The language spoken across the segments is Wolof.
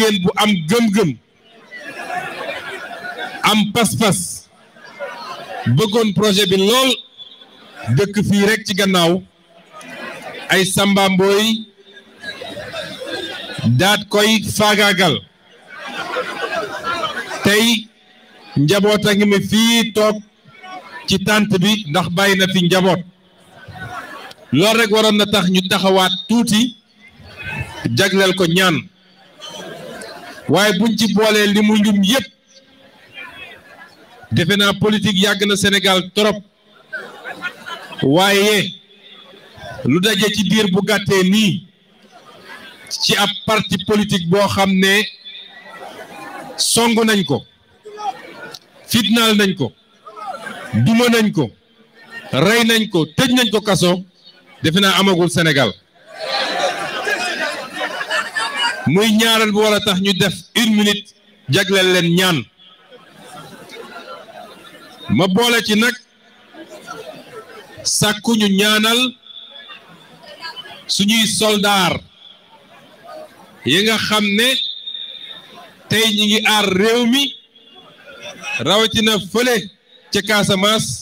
jigéen bu am gëm-gëm am pas-pas bëggoon projet bi lol dëkk fi rek ci gannaaw ay Samba Mboy dat koy faagaagal tey njaboot a ngi mi fi toog ci tante bi ndax bayina fi njabot loolu rek waron na tax ñu taxawaat tuuti jagleel ko ñaan waaye buñ ci boolee li mu njum yëpp defe naa politique yàgg na senegal trop waaye lu daje ci diir bu gàttee nii ci ab parti politique boo xam ne song nañ ko fitnaal nañ ko duma nañ ko rey nañ ko tëj nañ ko kaso defe naa amagul senegal muy ñaareel bu war tax ñu def une minute jagleel leen ñaan ma boole ci nag sàkku ñu ñaanal suñuy soldaar yi nga xam ne tey ñi ngi aar réew mi rawatina fële ca Casamance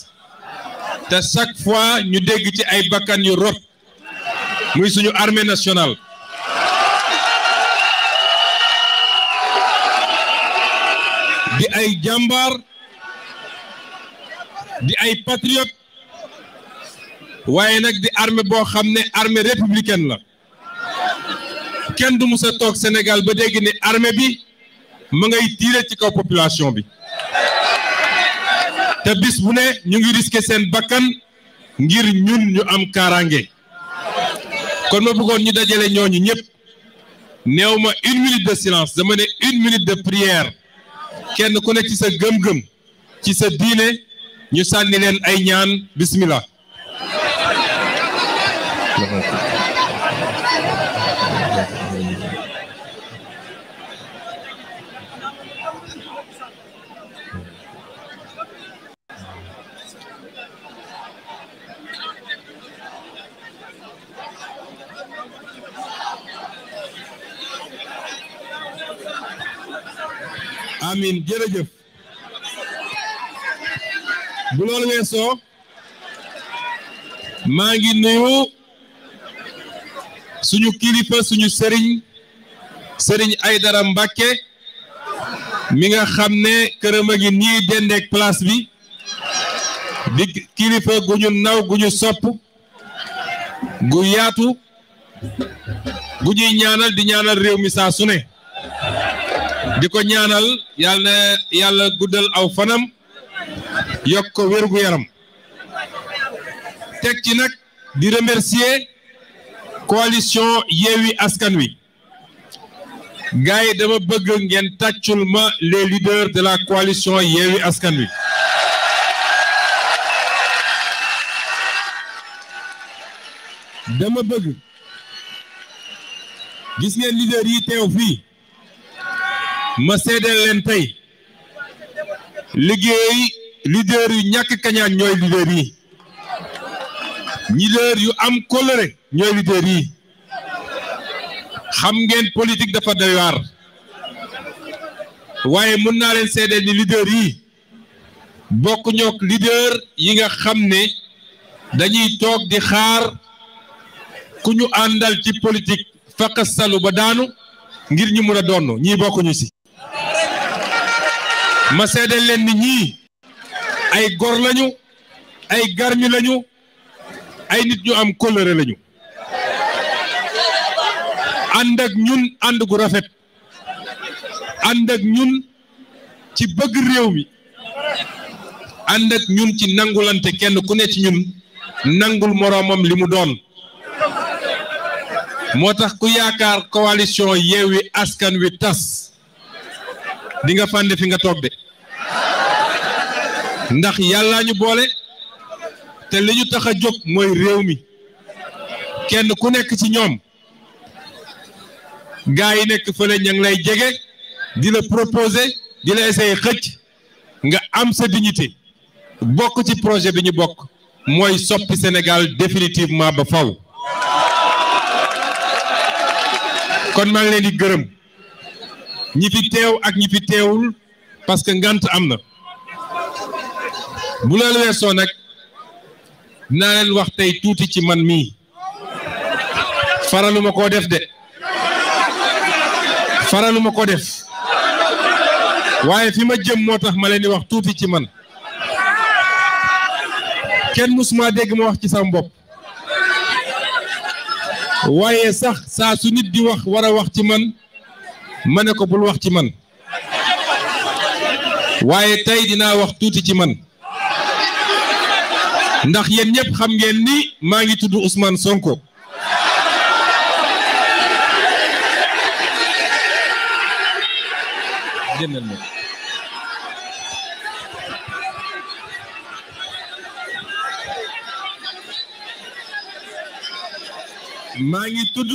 te chaque fois ñu dégg ci ay bakkan yu rot muy suñu armée nationale di ay jàmbaar di ay patriote waaye nag di armée boo xam ne armée républicaine la kenn du mus toog Sénégal ba dégg ne armée bi ma ngay tiire ci kaw population bi te bis bu ne ñu ngi risqué seen bakkan ngir ñun ñu am kaaraange kon ma bëggoon ñu dajale ñooñu ñëpp néew ma une minute de silence dama ne une minute de prière kenn ku nekk ci sa gëm-gëm ci sa diine ñu sànni leen ay ñaan bismillah amin jerejeuf bu loolu weso magin ngi nuyu suñu kilifa suñu sering serigne Aydara mbacke mi nga xamne kërëm ak ni ngi place bi di kilifa guñu naw guñu ñu sopp gu yaatu gu ñaanal di ñaanal réew mi sa suné diko ñaanal yal yalla a guddal aw fanam yokk ko wérgu yaram tek ci di remercier coalition yewi Askan Wi gars yi dama bëgg ngeen ma les leaders de la coalition yewi Askan Wi dama bëgg gis ngeen leader yi tew fii ma seedeel leen tey liggéey leader yu ñàkk kañaan ñooy leader yi leader yu am colère ñooy leader yi xam ngeen politique dafa doy waaye mën naa leen seedeel ni leader yi bokk ñook yi nga xam ne dañuy toog di xaar ku ñu àndal ci politique faq salu ba daanu ngir ñu mën a donn ñii bokkuñu si ma seedeel leen ni ñii ay gor lañu ay garmi lañu ay nit ñu am kóllëre lañu ànd ñun ànd gu rafet ànd ñun ci bëgg réew mi ànd ak ñun ci nangulante kenn ku ne ci ñun nangul moroomam limu doon moo tax ku yaakaar coalition Yewwi Askan Wi tas di nga fànde fi nga toog de ndax yàllaa ñu boole te li ñu tax a jóg mooy réew mi kenn ku nekk ci ñoom gaa yi nekk fële ña lay jege di la proposer di la essayer xëcc nga am sa dignité bokk ci projet bi ñu bokk mooy soppi Sénégal définitivement ba faw kon maa ngi leen di gërëm ñi fi teew ak ñi fi teewul parce que ngant amna na bu loolu weesoo nak na leen wax tay touti ci man mi faraluma koo def de faraluma ko def waye fi ma jëm motax ma leen di wax touti ci man ken musuma deg ma wax ci sa waye sax sa su nit di wax wara wax ci man ma ne ko bul wax ci man waaye tey dinaa wax tuuti ci man ndax yéen ñëpp xam ngeen ni maa ngi tudd usmaan Sonko maa ngi tudd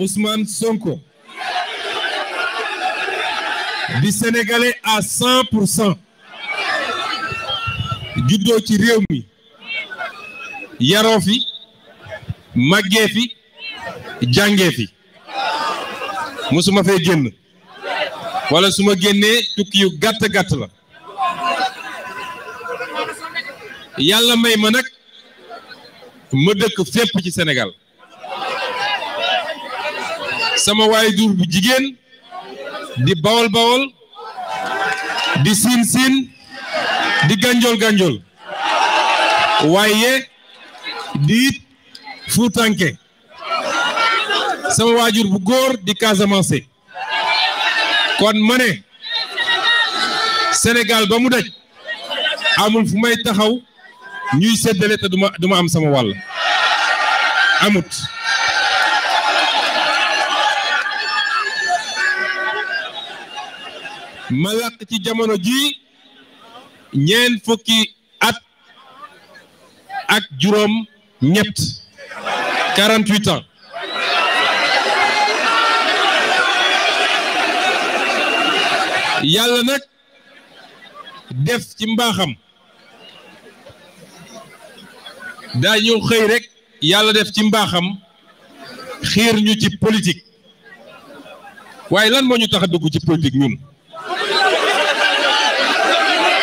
Ousmane Sonko du sénégalais à 100 pour cent juddoo ci réew mi yaroo fi Voilà fi que fi musuma tout qui wala gâte-gâte là. tukki yu gàtt gàtt la yàlla may ma nag ma dëkk fépp ci Sénégal sama waay di bawol bawol di siin siin di ganjol ganjol waaye di it fuutanke sama waajur bu góor di Casamance kon ma ne Sénégal ba mu daj amul fu may taxaw ñuy séddale te duma duma am sama wàll amut ma ci jamono jii ñeent fukki at ak juróom ñett 48 yàlla nag def ci mbaaxam daañu xëy rek yàlla def ci mbaaxam xiir ñu ci politique waaye lan moo ñu tax a dugg ci politique ñun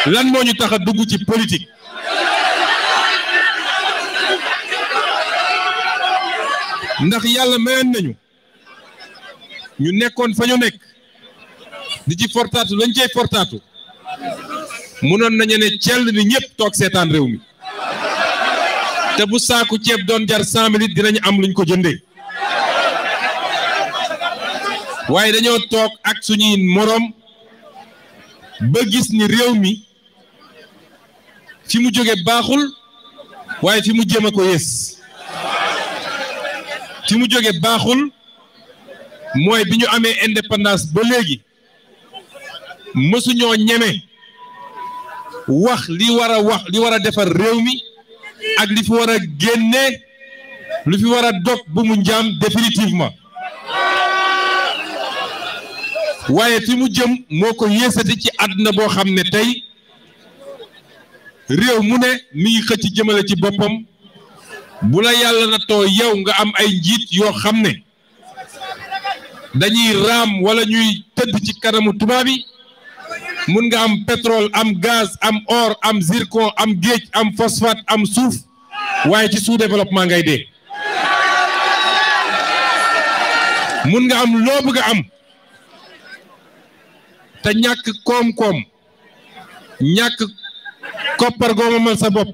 lan moo ñu tax a dugg ci politique ndax yàlla mayoon nañu ñu nekkoon fa ñu nekk di ci fortaatu lañ cey fortaatu mënoon nañu ne cell ni ñëpp toog seetaan réew mi te bu saaku ceeb doon jar cent mille dinañ am luñ ko jënde waaye dañoo toog ak suñuy moroom ba gis ni réew mi ci mu jóge baaxul waaye fi mu jëm a ko yées ci mu jóge baaxul mooy bi ñu amee indépendance ba léegi mësuñoo ñeme wax li war a wax li war a defar réew mi ak li fi war a génne lu fi war a dog bu mu njaam définitivement waaye fi mu jëm moo ko yéesati ci àdduna boo xam ne tey réew mu ne mi ngi xëcc jëmale ci boppam bu la yàlla na too yow nga am ay njiit yoo xam ne dañuy raam wala ñuy tëdd ci kanamu tubaab yi mun nga am pétrole am gaz am or am zircon am géej am phosphate am suuf waaye ci sous développement ngay dee mun nga am loo bëgg a am te ñàkk koom-koom ñàkk koppar gooma man sa bopp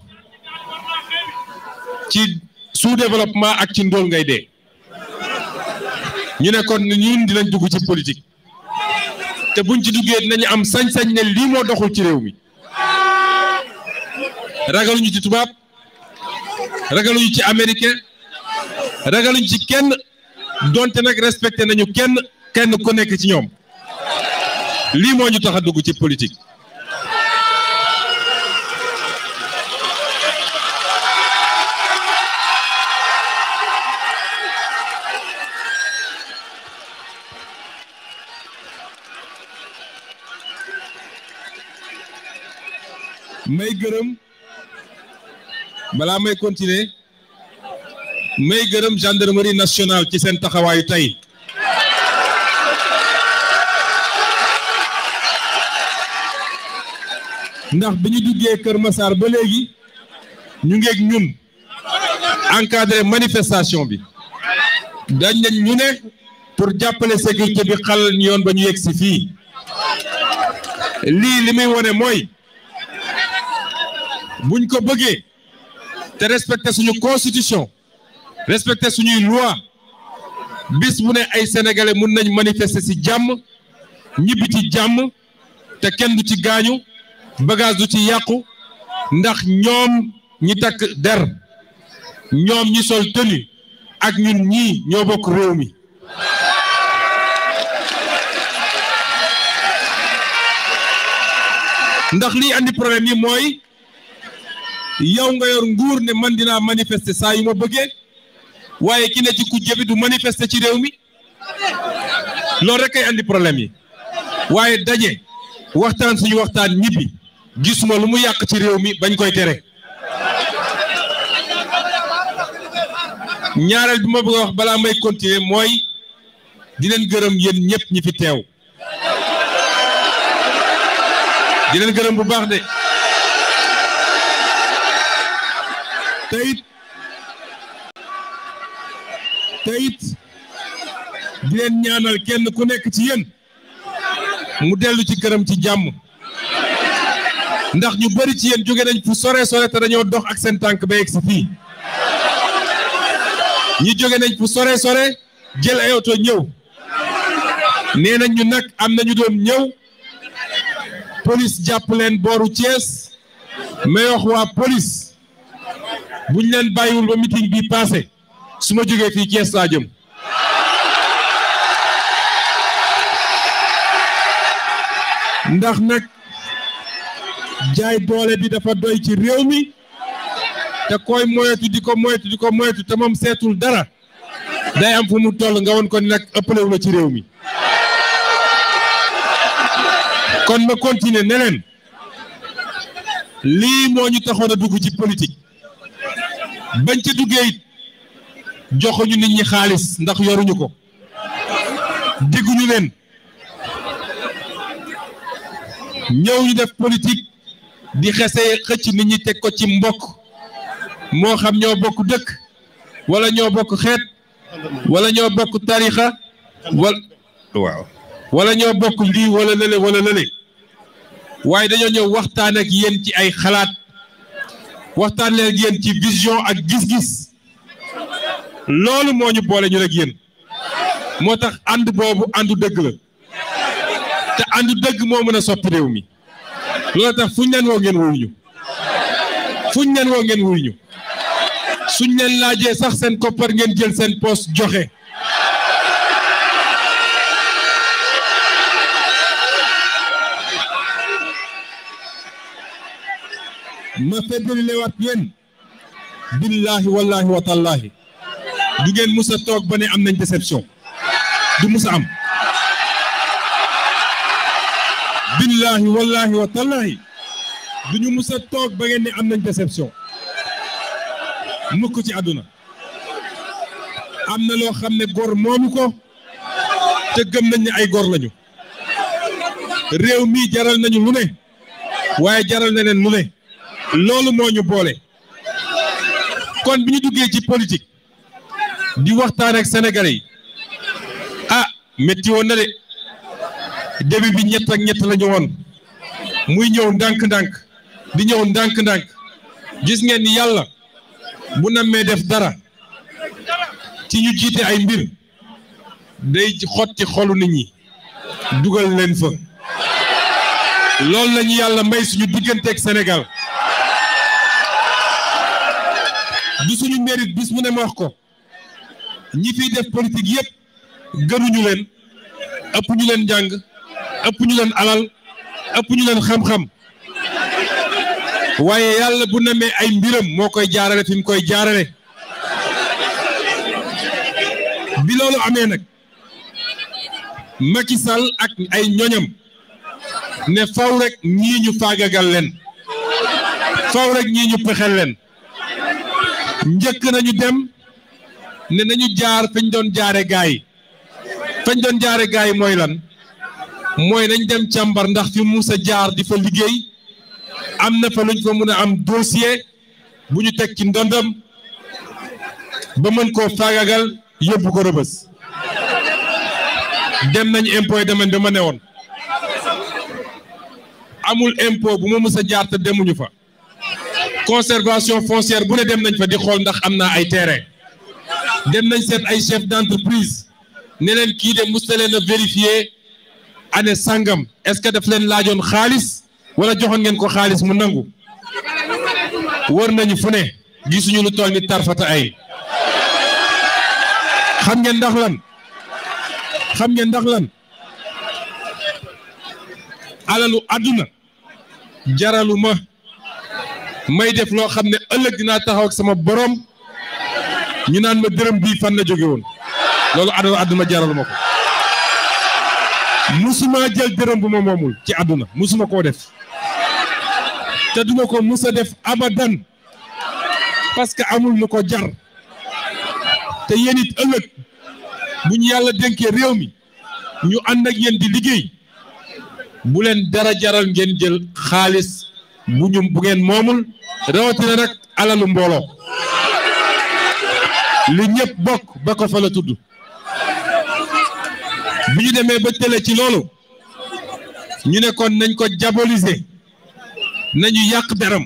ci sous développement ak ci ndóol ngay dee ñu ne kon ñun dinañ dugg ci politique te buñ ci duggee nañu am sañ-sañ ne lii moo doxul ci réew mi ragaluñu ci tubaab ragaluñu ci américain ragaluñu ci kenn donte nag respecté nañu kenn kenn ku nekk ci ñoom lii moo ñu tax a dugg ci politique. may gërëm balaa may continuer may gërëm gendarmerie nationale ci seen taxawaayu tey ndax bi ñu duggee Kër masaar ba léegi ñu ngeeg ñun encadré manifestation bi dañ nañ ñu ne pour jàppale sécurité bi xal yoon ba ñu yegg si fii lii li muy wone mooy buñ ko bëggee te respecter suñu constitution respecter suñuy loi bis mu ne ay sénégalais mën nañ manifester ci jàmm ñibbi ci jàmm te kenn du ci gaañu bagage du ci yàqu ndax ñoom ñi takk der ñoom ñi sol tenue ak ñu ñi ñoo bokk réew mi ndax liy indi problème yi mooy yow nga yor nguur ne man dinaa manifester saa yu ma bëggee waaye ki ne ci kujje bi du manifester ci réew mi loolu rek ay indi problème yi waaye daje waxtaan suñu waxtaan ñibbi gisuma lu mu yàq ci réew mi bañ koy tere. ñaareel bi ma bëgg a wax balaa may continuer mooy di leen gërëm yéen ñëpp ñi fi teew di leen gërëm bu baax de. te it te it di leen ñaanal kenn ku nekk ci yéen mu dellu ci këram ci jàmm ndax ñu bëri ci yéen jóge nañ fu sore sore te dañoo dox ak seen tànk ba yegg si jóge nañ sore sore jël ay oto ñëw nee nañ ñu nag am nañu ñu doon ñëw police jàpp leen booru Thiès may waa police. buñ leen bàyyiwul ba meeting bi passé su ma jógee fii Thiès laa jëm ndax nag jaay doole bi dafa doy ci réew mi te koy moyetu di ko moyetu di ko moyetu te moom seetul dara day am fu mu toll nga woon ko nag ëppalewu la ci réew mi kon ma continuer ne lii moo ñu taxoon a dugg ci politique bañ ca duggee it joxuñu nit ñi xaalis ndax yoruñu ko digguñu leen ñëw ñu def politique di xesee xëcc nit ñi teg ko ci mbokk moo xam ñoo bokk dëkk wala ñoo bokk xeet wala ñoo bokk tarixa wala wala ñoo bokk lii wala lële wala waaye dañoo ñëw waxtaan ak yéen ci ay xalaat waxtaanee ak ci vision ak gis-gis loolu moo ñu boole ñu rek yéen moo tax ànd boobu àndu dëgg la te àndu dëgg moo mën a soppi réew mi loolu tax fuñ leen woo ngeen wuyu ñu fuñ leen woo ngeen wuyu ñu suñ leen laajee sax seen koppar ngeen jël seen poste joxe ma feddali lewaat leen billaahi wallaahi wa tallaahi du ngeen musa toog ba ne am nañ déception du mus am billaahi wallaahi wa tallaahi du ñu mus toog ba ngeen am nañ déception mukk ci àdduna am na loo xam ne góor moomu ko te gëm nañ ni ay góor lañu réew mii jaral nañu lu ne waaye jaral na leen lu ne loolu moo ñu boole kon bi ñu duggee ci politique di waxtaan ak sénégalais yi ah métti na de début bi ñett ak ñett la ñu woon muy ñëw ndànk-ndànk di ñëw ndànk-ndànk gis ngeen yàlla bu nammee def dara ci ñu jiite ay mbir day xotti xolu nit ñi dugal leen fa loolu la ñu yàlla may suñu digganteek Sénégal mérite bis mu ne ma wax ko ñi fiy def politique yëpp gënuñu leen ëpp leen jàng ëpp leen alal ëpp leen xam-xam waaye yàlla bu nemee ay mbiram moo koy jaarale fi koy jaarale bi loolu amee nag macisal ak ay ñoñam ne faw rek ñii ñu faagagal leen faw rek ñii pexel leen njëkk nañu dem ne nañu jaar fañ doon jaare gaay fañ doon jaare gaay mooy lan mooy nañ dem càmbar ndax fi Moussa jaar di fa liggéey am na fa luñ fa mën a am dossier bu ñu teg ci ndondam ba mën koo faagagal yóbbu ko rëbës dem nañ impôt domaine ba ma ne woon amul impôt bu ma Moussa jaar te demuñu fa conservation foncière bu ne dem nañ fa di xool ndax am naa ay terrain dem nañ seet ay chef d'entreprise ne leen kii de mos na leen a vérifier année sangam est-ce que daf leen laajoon xaalis wala joxoon ngeen ko xaalis mu nangu wër nañu fu ne gisuñu lu tool ni tarfata ay xam ngeen ndax lan xam ngeen ndax lan alalu àdduna jaraluma may def loo xam ne ëllëg dinaa taxaw ak sama boroom ñu naan ma dërëm bii fan la jógewoon loolu àdduna àdduna jaral ma ko musuma jël dërëm bu ma moomul ci àdduna musuma koo def te duma ko musa def abadan parce que amul lu ko jar te yéen it ëllëg bu ñu yàlla dénkee réew mi ñu ànd ak di liggéey bu leen dara jaral ngeen jël xaalis bu ñu bu ngeen moomul rawatina nag alalu mbooloo li ñëpp bokk ba ko fa tudd bi ñu demee ba tële ci loolu ñu nekkoon nañ ko diaboliser nañu yàq deram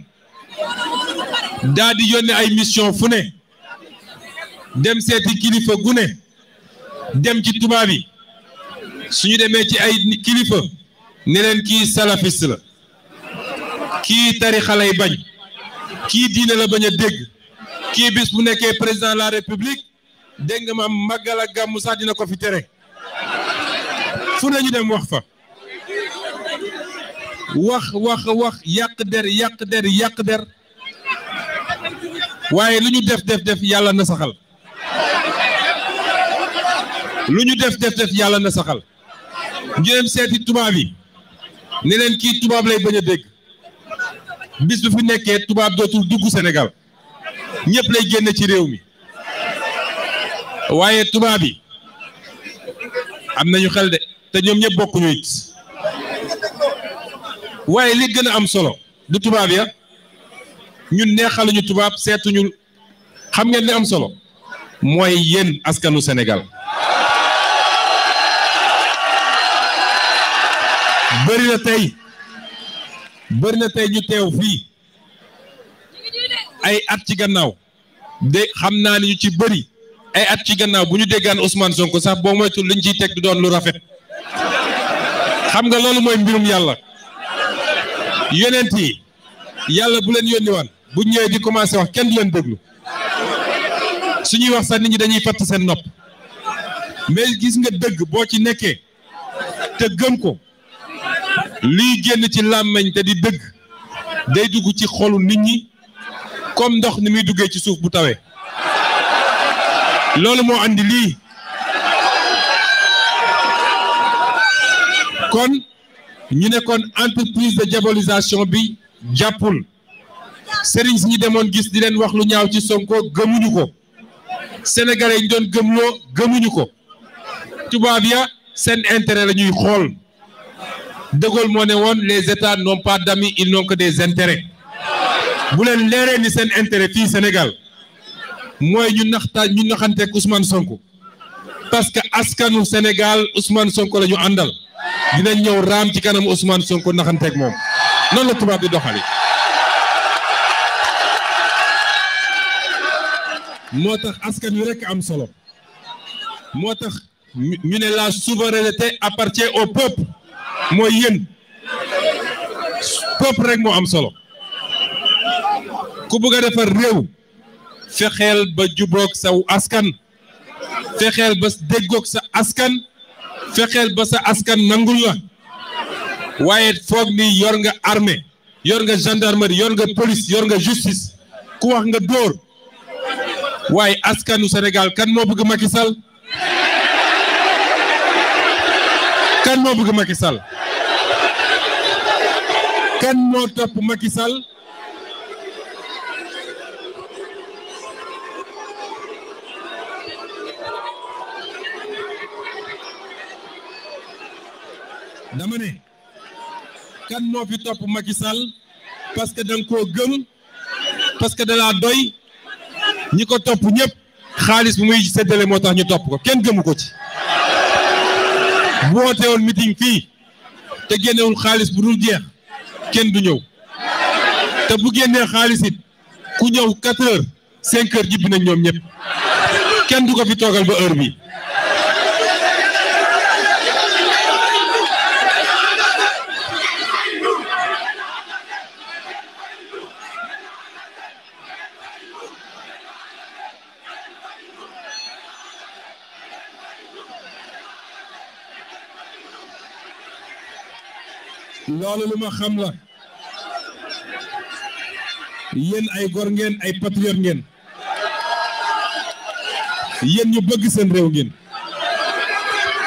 daa yónnee ay mission fu ne dem seeti kilifa gu ne dem ci tubaab yi suñu demee ci ay kilifa ne leen kii salafiste la kii tarixa lay bañ kii diine la bañ a dégg kii bis bu nekkee président la république dégg nga ma màggal ak gàmmu sax dina ko fi tere fu ñu dem wax fa wax wax wax yàq der yàq der yàq der waaye lu ñu def def def yàlla na saxal lu ñu def def def yàlla na saxal ñu seeti tubaab yi ni leen kii tubaab lay bañ a dégg bis bu fi nekkee tubaab dootul dugg Sénégal ñëpp lay génne ci réew mi waaye tubaab yi am nañu xel de te ñoom ñëpp bokkuñu it waaye li gën a am solo du tubaab ya ñun neexaluñu tubaab seetuñu xam nga ni am solo mooy yéen askanu Sénégal bëri na tey. bëri na tey ñu teew fii ay at ci gannaaw de xam naa ni ñu ci bëri ay at ci gannaaw bu ñu déggaan Ousmane Sonko sax boo moytul liñ ciy teg du doon lu rafet xam nga loolu mooy mbirum yàlla yonent yi yàlla bu leen yónni waan bu ñëwee di commencé wax kenn du leen déglu suñuy wax sax nit ñi dañuy fatt seen nopp mais gis nga dëgg boo ci nekkee te gëm ko lii génn ci làmmeñ te di dëgg day dugg ci xolu nit ñi comme ndox ni muy duggee ci suuf bu tawee loolu moo indi lii kon ñu nekkoon entreprise de diabolisation bi jàppul sëriñ si ñu demoon gis di leen wax lu ñaaw ci sonkoo gëmuñu ko sénégalais yi ñu doon gëmloo gëmuñu ko tubaab ya seen intérêt la ñuy xool De Gaulle moi ne les états n'ont pas d'amis ils n'ont que des intérêts bu les leeree ni sen intérêt fii Sénégal Moi ñu naxtaa ñu naxanteeg Ousmane Sonko parce que au Sénégal Ousmane Sonko la ñu andal. dinañ ñëw ram ci kanam Ousmane Sonko naxanteeg moom noonu la tubaab di doxali moo tax askan wi rekk am solo moo tax ñu la souveraineté appartient au peuple Moyen, yeen pop rek mo am solo ku bëgg defal rew fexel ba jubok sa askan fexel ba degok sa askan fexel ba sa askan nangul la waye fogg ni yor nga armée yor nga gendarmerie yor nga police yor nga justice ku wax nga dóor waye askanu senegal kan mo bëgg makissal kan mo bëgg makissal kan mo top Macky Sall dama né kan moo fi top Macky Sall parce que da nga gëm parce que da la doy ñiko top ñep xaliss bu muy séddale motax ñu top ko ken gëmu ci woté won meeting fi te génnewul xaliss bu dul jeex kenn du ñëw te bu génnee xaalis it ku ñëw quatre heures cinq heures jibbi nañ ñoom ñëpp kenn du ko fi toogal ba heure bi loolu lu ma xam la yéen ay gor ngeen ay patriote ngeen yéen ñu bëgg seen réew ngeen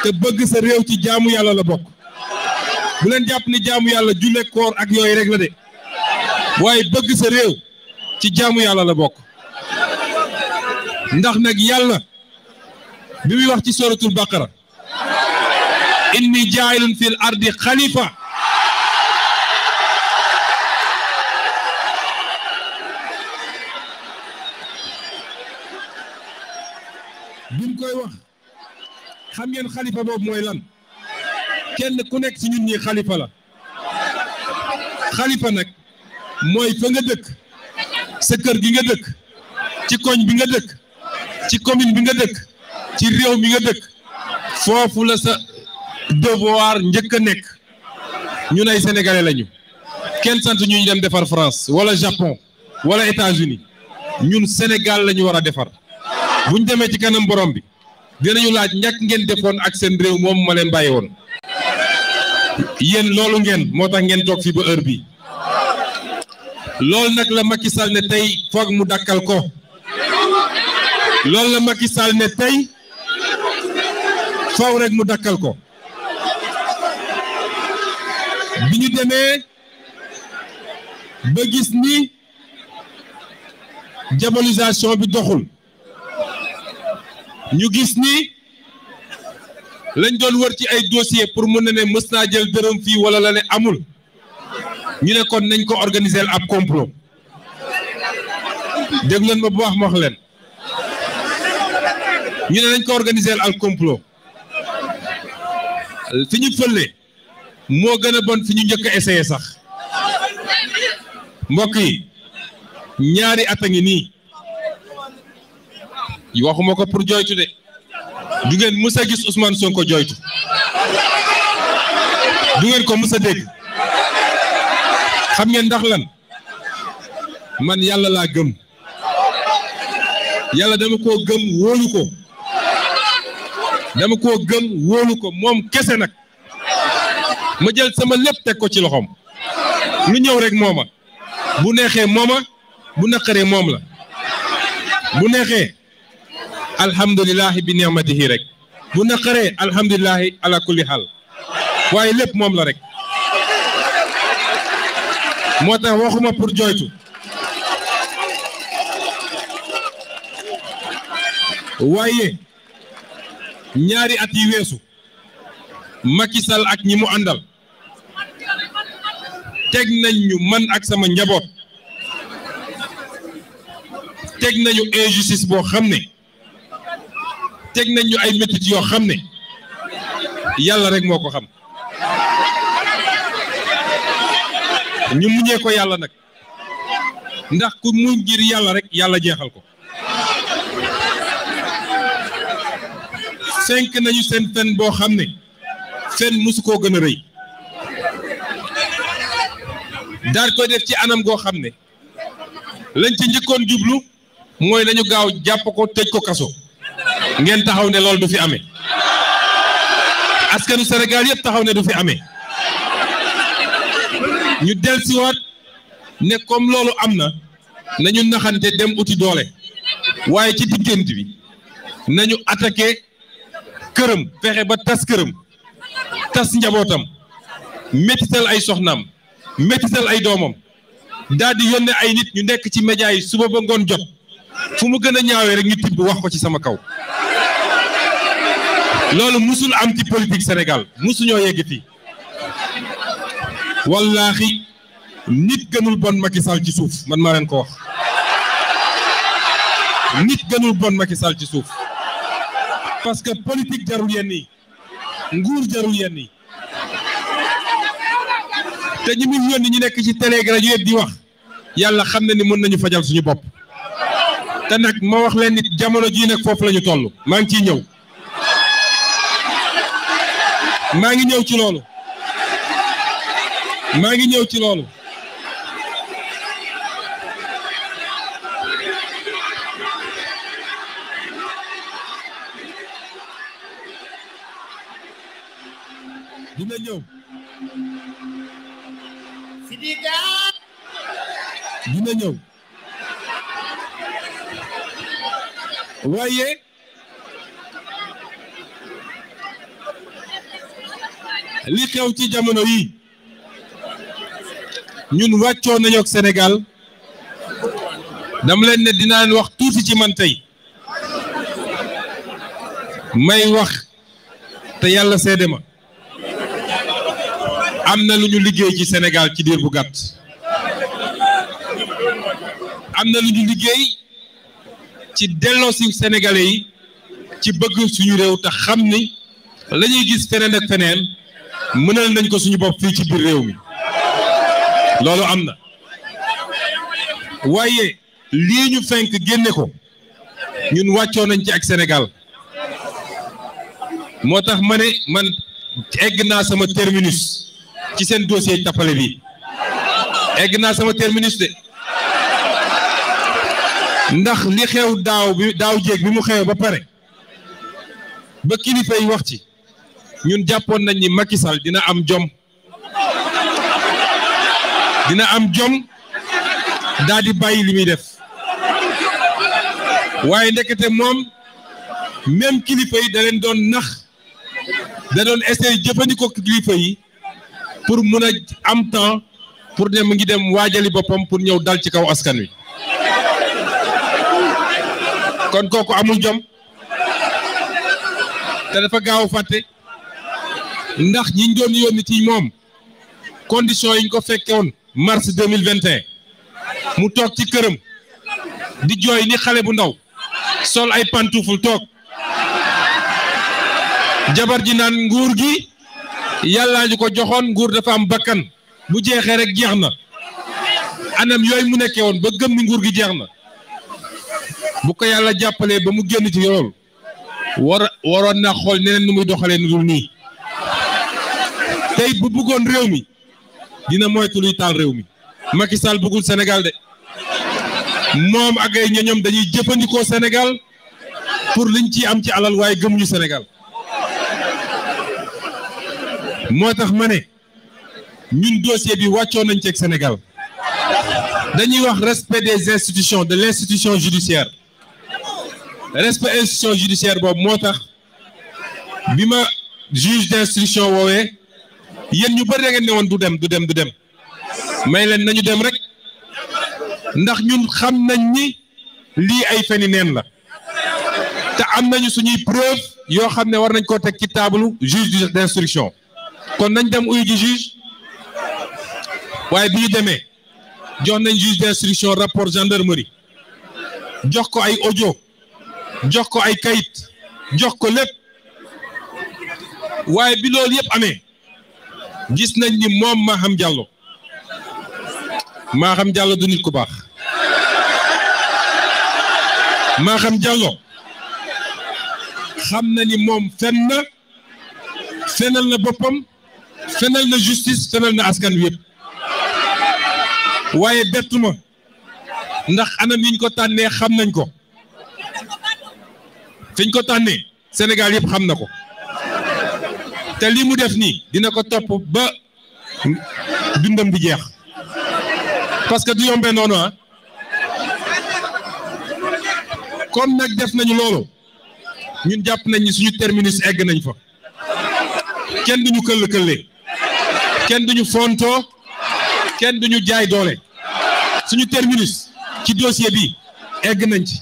te bëgg sa réew ci jaamu yàlla la bokk bu leen jàpp ni jaamu yàlla julle koor ak yooyu rek la de waaye bëgg sa réew ci jaamu yàlla la bokk ndax nag yàlla bi muy wax ci suratul baqara inni jaayilun fil ardi xalifa xam ngeen xalifa boobu mooy lan kenn ku nekk ci ñun ñi xalifa la xalifa nag mooy fa nga dëkk sa kër gi nga dëkk ci koñ bi nga dëkk ci commune bi nga dëkk ci réew mi nga dëkk foofu la sa devoir njëkk a nekk ñun ay sénégalais lañu kenn sant ñuy dem defar France wala Japon wala États-Unis ñun Sénégal la ñu war a defar buñ demee ci kanam borom bi dinañu laaj ñàkk ngeen defoon ak seen réew moom ma leen bàyyi woon yéen loolu ngeen moo tax ngeen toog fi ba heure bi loolu nag la Macky sal ne tey foog mu dakkal ko loolu la Macky Sall tey faw rek mu dakkal ko bi ñu demee ba gis ni diabolisation bi doxul ñu gis ni lañ doon wër ci ay dossier pour mën na ne mës naa jël dërëm fii wala la ne amul ñu ne nañ ko organiser ab complot dégg leen ma bu wax wax leen ñu ne nañ ko organiser al complot fi ñu fële moo gën a bon fi ñu njëkk a sax mbokk yi ñaari at a ngi nii waxuma ko pour jooytu de du ngeen mës a gis soo ko jooytu du ngeen ko mës a dégg xam ngeen ndax lan man yàlla laa gëm yàlla dama koo gëm wóolu ko dama koo gëm wóolu ko moom kese nag ma jël sama lépp teg ko ci loxoom lu ñëw rek mooma bu neexee mooma bu naqaree moom la bu neexee. alhamdulilahi bi ni'matihi rek bu naqaree alhamdulilahi ala kulli xaal waaye lépp moom la rek moo tax waxuma pour jooytu waaye ñaari at yi weesu Macky Sall ak ñi mu àndal teg nañ ñu man ak sama njaboot teg nañu injustice boo xam ne teg nañ ñu ay métit yoo xam ne yàlla rek moo ko xam ñu muñee ko yàlla nag ndax ku muñ ngir yàlla rek yàlla jeexal ko fenk nañu seen fen boo xam ne fen musu koo gën a rëy daal koy def ci anam goo xam ne lañ ci njëkkoon jublu mooy nañu gaaw jàpp ko tëj ko kaso ngeen taxaw ne loolu du fi amee askanu Sénégal yëpp taxaw ne du fi amee ñu dellusiwaat ne comme loolu am na nañu naxante dem uti doole waaye ci diggante bi nañu attaqué këram fexe ba tas këram tas njabootam métital ay soxnaam métital ay doomam daal di yónnee ay nit ñu nekk ci média yi suba ba ngoon jot fu mu gën a ñaawee rek ñu tibb wax ko ci sama kaw. loolu musul am ci politique Sénégal musuñoo yegg fii wallaahi nit gënul bon Macky sal ci suuf man maa leen ko wax nit gënul bon Macky sal ci suuf parce que politique jarul yenn yi nguur jarul yenn yi te ñi muy yónni ñu nekk ci télé rajo di wax yàlla xam ne ni mën nañu fajal suñu bopp te nag ma wax leen nit jamono jii nag foofu lañu ñu toll maa ngi ciy ñëw maa ngi ñëw ci loolu maa ngi ñëw ci loolu dina ñëw Sidika dina li xew ci jamono yi ñun wàccoo nañu ak Sénégal dama leen ne dinaa leen wax tuuti ci man tey may wax te yàlla seede ma am na lu ñu liggéey ci Sénégal ci diir bu gàtt am na lu ñu liggéey ci delloosi Sénégalais yi ci bëgg suñu réew te xam ni lañuy gis feneen ak feneen. mënal nañ ko suñu bopp fii ci biir réew mi loolu am na waaye lii ñu fenk génne ko ñun wàccoo nañ ci ak senegal moo tax ma ne man egg naa sama terminus ci seen dossier tappale bi egg naa sama terminus de ndax li xew daaw bi daaw jéeg bi mu xew ba pare ba kilifa yi wax ci ñun jàppoon nañ ni Macky dina am jom dina am jom daal di bàyyi li muy def waaye ndekete moom même kilifa yi da leen doon nax da doon essayer jëfandikoo kilifa yi pour mun a am temps pour ne mu ngi dem waajali boppam pour ñëw dal ci kaw askan wi kon kooku amul jom te dafa gaaw fàtte. ndax ñi doon yónni ci moom condition yi ñu ko fekkewoon mars 2021 mu toog ci këram di jooy ni xale bu ndaw sol ay pantoufle toog jabar ji naan nguur gi yàllaa ñu ko joxoon nguur dafa am bakkan bu jeexee rek jeex na anam yooyu mu nekkee woon ba gëm nguur gi jeex na bu ko yàlla jàppalee ba mu génn ci loolu war waroon naa xool neneen nu muy doxalee nu dul nii te bu bëggoon réew mi dina moytu luy taal réew mi Macky Sall bëggul Sénégal de moom ak ay ñoñom dañuy jëfandikoo Sénégal pour liñ ci am ci alal waaye ñu Sénégal moo tax ma ne ñun dossier bi wàccoon nañ ci ak Sénégal dañuy wax respect des institutions de l'institution judiciaire respect institution judiciaire boobu moo tax bi ma juge d'instruction woowee yéen ñu bari da ngeen ne woon du dem du dem du dem may leen nañu dem rek ndax ñun xam nañ ni lii ay feni neen la te am nañu suñuy preuve yoo xam ne war nañ koo teg ci taabalu juge d'instruction kon nañ dem uyu juge waaye bi ñu demee jox nañ juge d'instruction rapport gendarmerie jox ko ay audio jox ko ay kayit jox ko lépp waaye bi loolu yépp amee gis nañ ni moom Maham Diallo xam Diallo du nit ku baax xam Diallo xam na ni moom fen na fenal na boppam fenal na justice fenal na askan wi yëpp waaye bettu ma ndax anam yiñ ko tànnee xam nañ ko fiñ ko tànnee Sénégal yëpp xam na ko te lii mu def nii dina ko topp ba dundam di jeex parce que du yombee noonu ah comme nag def nañu loolu ñun jàpp nañ ni suñu terminus egg nañ fa kenn duñu këll këllee kenn duñu fontoo kenn duñu jaay doole suñu terminus ci dossier bi egg nañ ci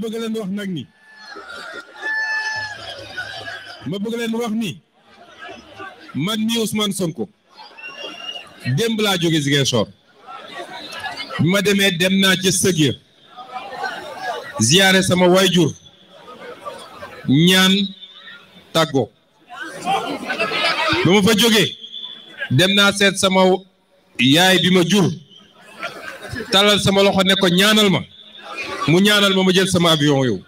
bëgg leen wax nag ni ma bëgg leen wax ni man mi Ousmane Sonko démb laa jóge Ziguinchor bi ma demee dem naa ca sëg ya ziyaare sama jur ñaan tàggoo ba ma fa jógee dem naa seet sama yaay bi ma jur talal sama loxo ne ko ñaanal ma mu ñaanal ma ma jël sama avion yow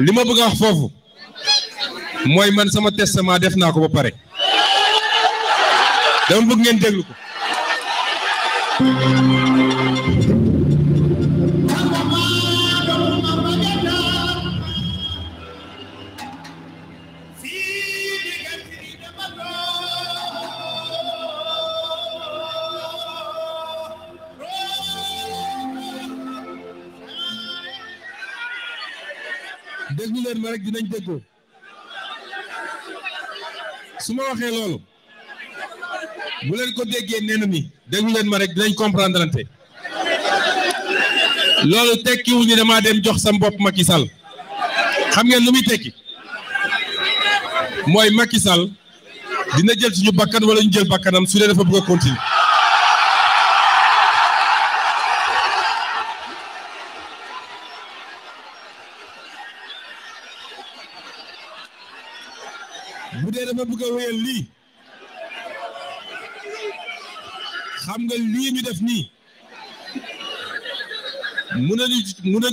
li ma bëgg a wax foofu mooy man sama testament def naa ko ba pare dama bëgg ngeen déglu ko. na rek dinañ déggoo su ma waxee loolu bu leen ko déggee nee na mi déglu leen ma rek dinañ comprendre ante loolu tekkiwul ni damaa dem jox sam bopp Macky sal xam ngeen lu muy tekki mooy Macky sal dina jël suñu bakkan wala ñu jël bakkanam su dee dafa bëgg a continuer dafa bëgg a lii xam nga lii ñu def nii mën nañu mën a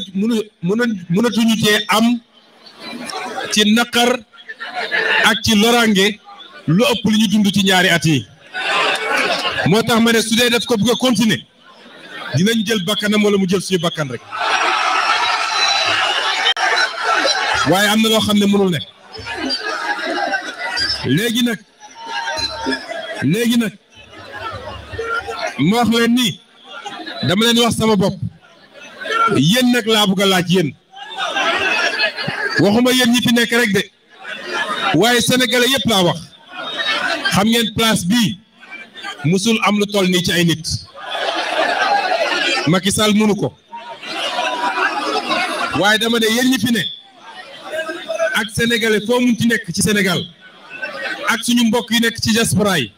mën a mënatuñu cee am ci naqar ak ci loraange lu ëpp li ñu dund ci ñaari at yi moo tax ma ne su def ko bëgg a continuer dinañ jël bakkanam wala mu jël suñu bakkan rek waaye am na loo xam ne mënul ne léegi nag léegi nag ma wax leen ni dama leen wax sama bopp yéen nag laa bëgg a laaj yéen waxuma yéen ñi fi nekk rek de waaye sénégalais yëpp laa wax xam ngeen place bii musul am lu toll nii ci ay nit ma kisal mënu ko waaye dama ne yéen ñi fi ne ak sénégalais foo mun ci nekk ci Sénégal. ak suñu mbokk yi nekk ci diaspora yi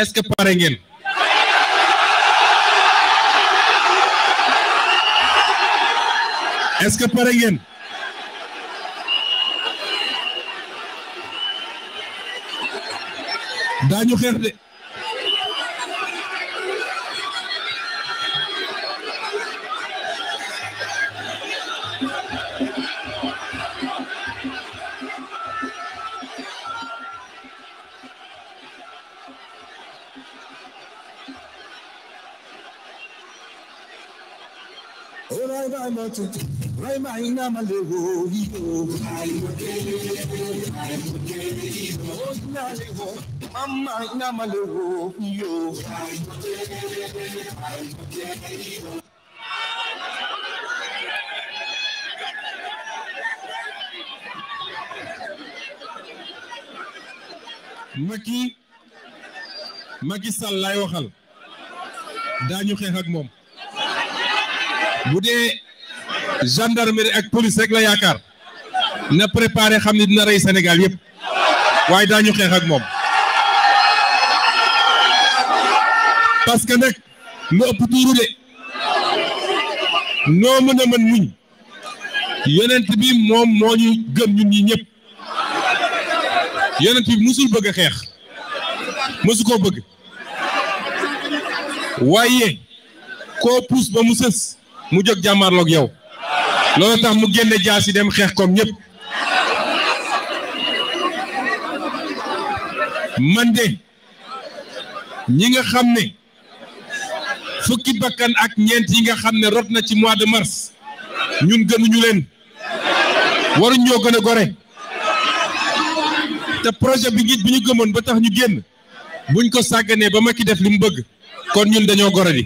est pare ngeen est-ce que pare ngeen dañu xeex de lọ tuntun rẹ́mà iná máa lè lè mama iná lè Sall waxal ak gendarmerie ak police rek la yaakaar na préparé xam ni dina rey Sénégal yëpp waaye daañu xeex ak moom parce que nag lu ëpp tuuru de noo mën a mën muñ yonent bi moom moo ñu gëm ñun ñi ñëpp yonent bi musul bëgg a xeex mësu koo bëgg waaye koo puus ba mu sës mu jóg jàmmaarloog yow loolu tax mu génne jaasi dem xex kom ñep man de ñi nga xam fukki bakkan ak ñent yi nga xam rot na ci mois de mars ñun ñu leen waru ñoo gëna goré gore te projet bi nit bi ñu ba tax ñu génn buñ ko sàgganee ba Macky def limu bëgg kon ñun dañoo gore di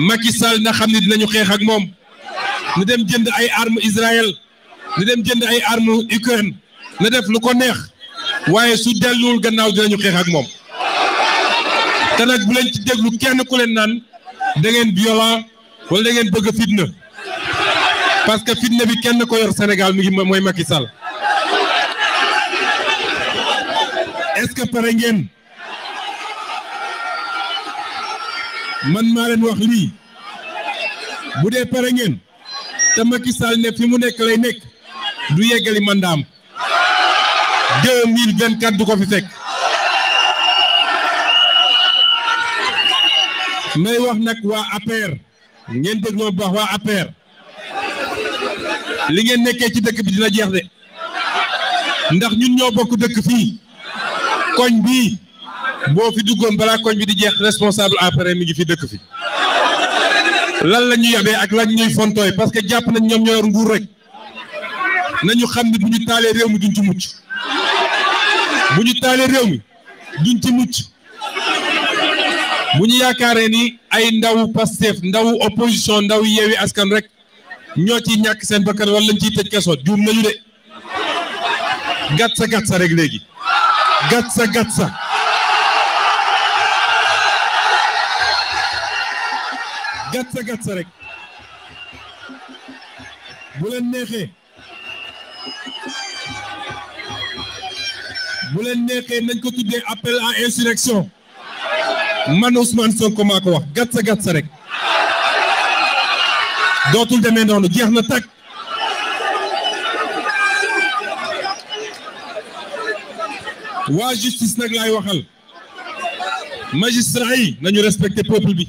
Macky Sall na xamni dinañu xex ak mom ñu dem jënd ay arme Israël ñu dem jënd ay arme Ukraine na def lu ko neex waye su delul gannaaw dinañu xex ak mom te nak bu leen ci déglu kenn ku leen nan da ngeen violent wala da ngeen bëgg fitna parce que fitna bi kenn ko yor Sénégal mi ngi moy Macky Sall est-ce que paré ngeen man ma len wax li budé paré ngén té Macky Sall né fi mu nekk lay nekk du yeggali mandam 2024 du ko fi fekk may wax nak wa APR ngén dégg mo baax wa APR li ngén nekkee ci dëkk bi dina jéx dé ndax ñun ño bokk dëkk fi koñ bi boo fi duggoon balaa koñ bi di jeex responsable après mi ngi fi dëkk fi lan la ñu yabee ak lan ñuy fontooy parce que jàpp nañ ñoom ñoo yor nguur rek nañu xam ne bu ñu taalee réew mi duñ ci mucc bu ñu taalee réew mi duñ ci mucc bu ñu yaakaaree ni ay ndaw Pastef ndaw opposition ndaw yeewi askan rek ñoo ci ñàkk seen bakkan wala lañ ciy tëj kaso juum nañu de gàtt sa gàtt sa rek léegi gàtt sa gàtt sa Gatsa gatsa rek bu len vous bu len nexé nañ ko avez appel à insurrection man Ousmane Sonko quoi. tout wax gatsa gatsa rek dootul demee noonu jeex na tàkk justice nak lay waxal magistrat yi nañu respecté peuple bi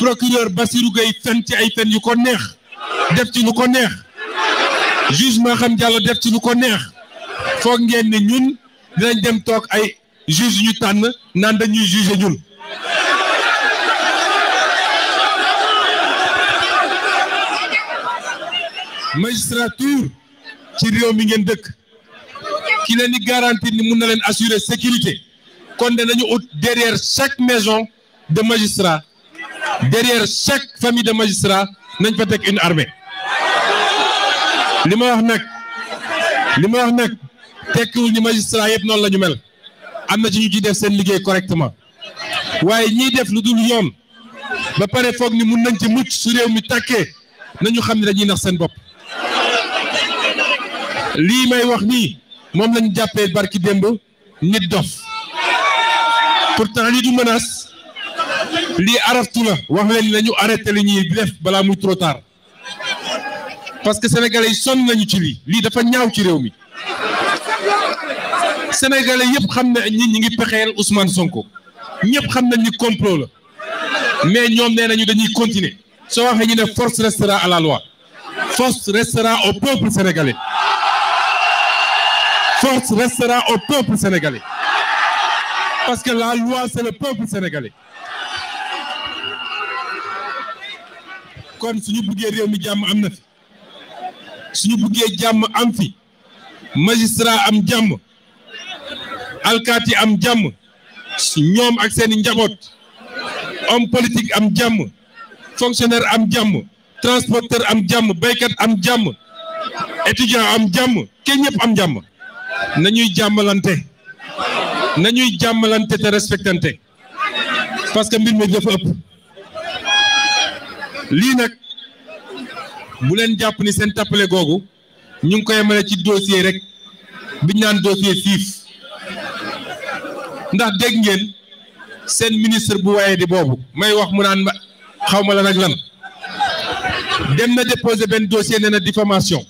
procureur Bassirou Gueye fen ci ay fen yu ko neex def ci lu ko neex juge Maham Diallo def ci lu ko neex foog ngeen ne ñun dinañ dem toog ay juge ñu tànn naan dañuy juger ñun magistrature ci réew mi ngeen dëkk ki leen di garantir ni mun na leen assurer sécurité kon de nañu ut derrière chaque maison de magistrat derrière chaque famille de magistrats nañ fa teg une armée li ma wax nag li ma wax nag tekkiwul ni magistrats yëpp noonu la ñu mel am na ci ñu ciy def seen liggéey correctement waaye ñiy def lu dul yoon ba pare foog ni mun nañ ci mucc su réew mi takkee nañu xam ne dañuy nax seen bopp lii may wax nii moom lañ jàppee barki démb nit dof pourtant lii du menace lii araftu la wax leen nañu arrêté li ñuy def balaa muy trop tard parce que sénégalais yi ils nañu ci lii lii dafa ñaaw ci au mi sénégalais yëpp pas ne ñi ñi ngi pexeel Ousmane Sonko ñëpp en train ni complot la mais ñoom nee de dañuy continuer soo waxee ñu une force restera à la loi force restera au peuple sénégalais force restera au peuple sénégalais parce que la loi c'est le peuple sénégalais kon suñu buggee réew mi jàmm am na fi suñu buggee jàmm am fi magistrat am jàmm alkaati am jàmm ñoom ak seeni njaboot homme politique am jàmm fonctionnaire am jàmm transporteur am jàmm baykat am jàmm étudiant am jàmm ke ñëpp am jàmm nañuy jàmmalante nañuy jàmmalante te respectante parce que mbir mi dafa ëpp lii nag bu leen jàpp ni seen tappale googu ñu ngi koy yemale ci dossier rek biñ naan dossier siif ndax dégg ngeen seen ministre bu waaye di boobu may wax mu naan xaw ma lan ak lan dem na déposer benn dossier nee na diffamation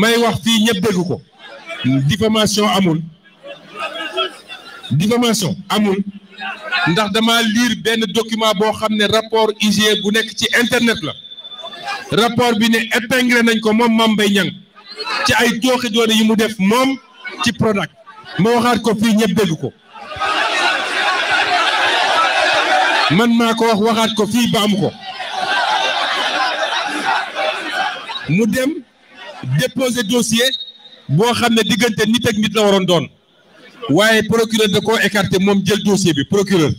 may wax fii ñëpp dégg ko diffamation amul diffamation amul ndax dama lire benn document boo xam ne rapport IGE bu nekk ci internet la rapport bi ne épinglé nañ ko moom Mame Mbaye ci ay tooxi doone yi mu def moom ci Prodac ma waxaat ko fii ñëpp ko man maa ko wax waxaat ko fii ko mu dem déposer dossier boo xam ne diggante nit ak nit la waroon doon waaye procureur da koo écarté moom jël dossier bi procureur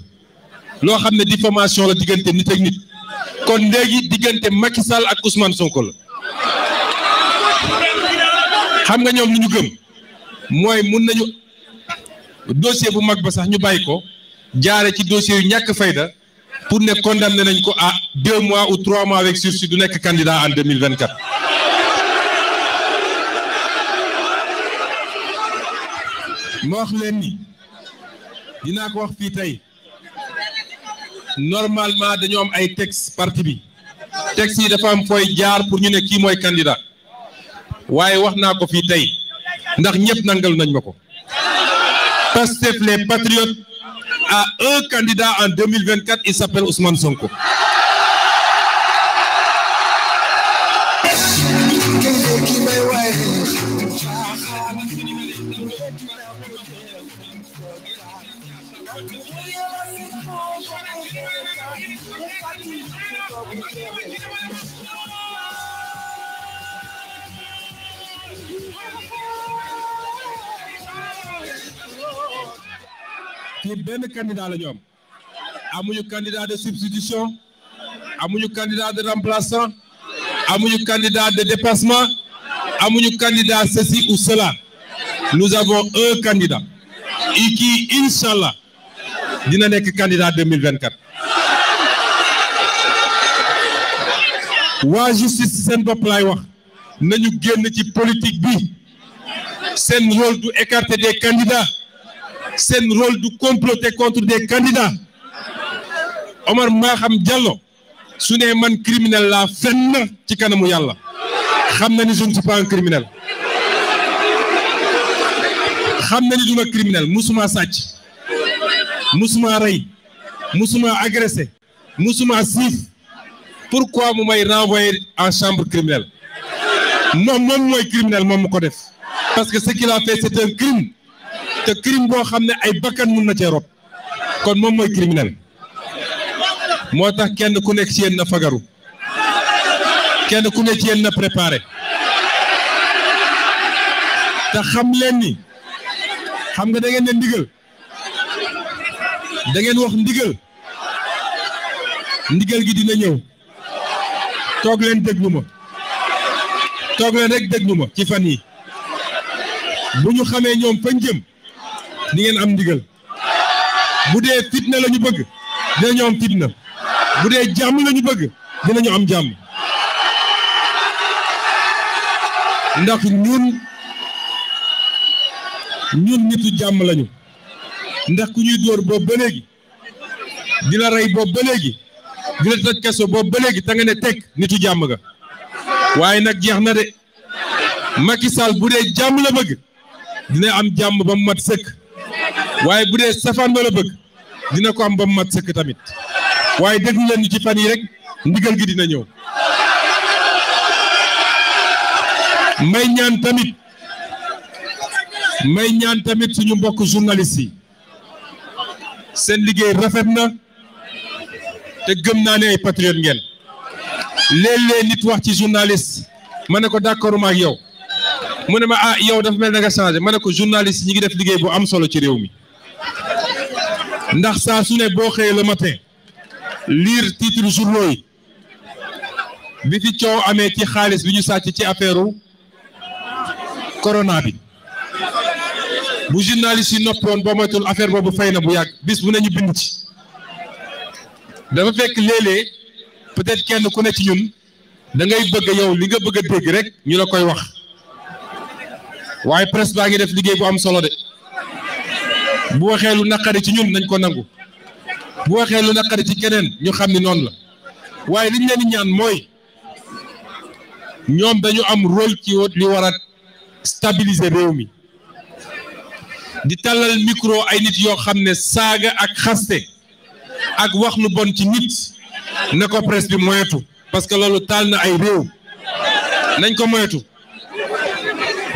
loo xam ne diffamation la diggante nit ak nit kon léegi diggante Macky Sall ak Ousmane Sonko la xam nga ñoom lu ñu gëm mooy mun nañu dossier bu mag ba sax ñu bàyyi ko jaare ci dossier yu ñàkk fayda pour ne condamné nañ ko à deux mois ou trois mois avec sursis du nekk candidat en deux mille vingt quatre ma wax leen ni dinaa ko wax fii tey normalement dañoo am ay texte partie bi texte yi dafa am fooy jaar pour ñu ne kii mooy candidat waaye wax naa ko fii tey ndax ñëpp nangal nañ ma ko Pastef les patriotes a un candidat en 2024 il s'appelle Ousmane Sonko ben candidat la ñom amuñu candidat de substitution amuñu candidat de remplaçant amuñu candidat de dépassement, amuñu candidat ceci ou cela nous avons un candidat et qui inshallah, dina nek candidat 2024. wa justice sen bopp lay wax nañu génn ci politique bi un rôle du écarter des candidats. C'est le rôle de comploter contre des candidats Omar Maham Diallo n'est ne man criminel la fenn ci kanamu yalla xam ni je ne suis pas un criminel xam suis ni duma criminel musuma sacc musuma ray musuma agresser, musuma sif pourquoi mu may renvoyer en chambre criminelle Non, mom suis criminel mom ko def parce que ce qu'il a fait c'est un crime te crime bo xamne ay bakkan mën na ci rob kon mom moy criminel motax kenn ku nek ci yeen na fagaru kenn ku nek ci yeen na préparer ta xam len ni xam nga da ngeen len digel da ngeen wax digel digel gi dina ñew tok len degluma tok len rek degluma ci fan yi buñu xamé ñom fañ jëm dingeen am ndigal bu dee fitna la ñu bëgg dinañu am fitna bu dee jàmm la ñu bëgg dinañu am jàmm ndax ñun ñun nitu jàmm lañu ndax ku ñuy dóor boobu ba léegi di rey boobu ba léegi di la kaso boobu ba léegi ta nga ne teg nitu jàmm ga waaye nag jeex na de Macky Sall bu dee jàmm la bëgg dina am jàmm ba mu mat sëkk waaye bu dee safaan ba bëgg dina ko am ba mu mat sëkk tamit waaye déglu leen ci fan yi rek ndigal gi dina ñëw may ñaan tamit may ñaan tamit suñu mbokk journaliste yi seen liggéey rafet na te gëm naa ne ay patriote ngeen léeg-léeg nit wax ci journaliste ma ne ko d'accord ma ak yow mu ne ma ah yow dafa mel na nga changé ma ne ko journaliste ñu ngi def liggéey bu am solo ci réew mi ndax saa su ne boo xëyee le matin lire titre journaux yi bi fi coow amee ci xaalis bi ñu sàcc ci affaire corona bi bu journaliste yi noppoon boo moytul affaire boobu fay na bu yàgg bis bu ne ñu bind ci dafa fekk léeg-léeg peut-être kenn ku ne ci ñun da ngay bëgg yow li nga bëgg a dégg rek ñu la koy wax waaye presse baa ngi def liggéey bu am solo de. bu waxee lu naqari ci ñun nañ ko nangu bu naqari ci keneen ñu xam ni la waaye liñ leen ñaan mooy ñoom dañu am rôle ci li stabiliser réew mi di micro ay nit yoo xam ne saaga ak xaste ak wax lu bon ci nit na parce que loolu taal ay réew nañ ko moyetu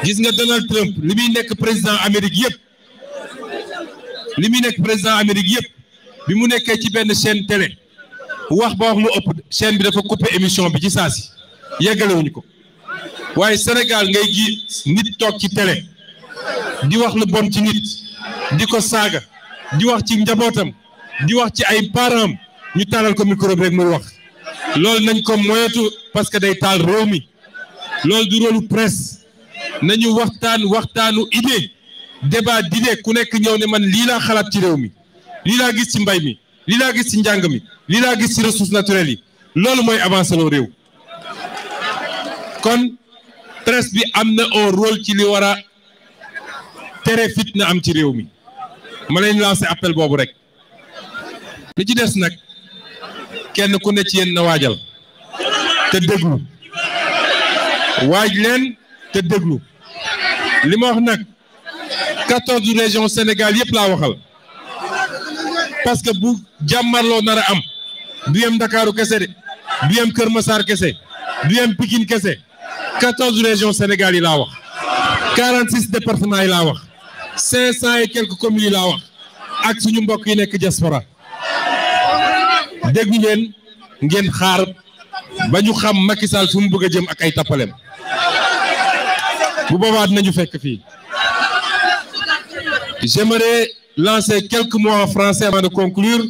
gis nga Donald Trump li muy président Amérique li muy nekk président Amérique yëpp bi mu nekkee ci benn chaîne télé wax ba wax lu ëpp chaîne bi dafa coupé émission bi ci saa si yeggalewuñu ko waaye Sénégal ngay gi nit toog ci télé di wax lu bon ci nit di ko saaga di wax ci njabootam di wax ci ay param ñu taalal ko micro bi rek muy wax loolu nañ ko moyetu parce que day taal réew mi loolu du rôlu presse nañu waxtaan waxtaanu idée débat dîner ku nekk ñëw ne man lii laa xalaat ci réew mi lii laa gis ci mbay mi lii laa gis ci njàng mi lii laa gis ci ressources naturelles yi loolu mooy avancé loo réew kon presse bi am na un rôle ci li war a tere fitna am ci réew mi ma leen lancé appel boobu rek li ci des nag kenn ku ne ci yéen na waajal te déglu waaj leen te déglu li ma nag quatorze régions Sénégal yëpp laa waxal parce que bu jàmmarloo nar am du yem Ndakaaru kese de du Kër Massar kese du yem kese quatorze régions Sénégal yi la wax quarante six départements yi laa wax cinq cent et quelques communes yi laa wax ak suñu mbokk yi nekk diaspora déggu ngeen ngeen xaar ba ñu xam Macky Sall fu bëgg a jëm ak ay tappalem bu boobaa dinañu fekk fii J'aimerais lancer quelques mots en français avant de conclure.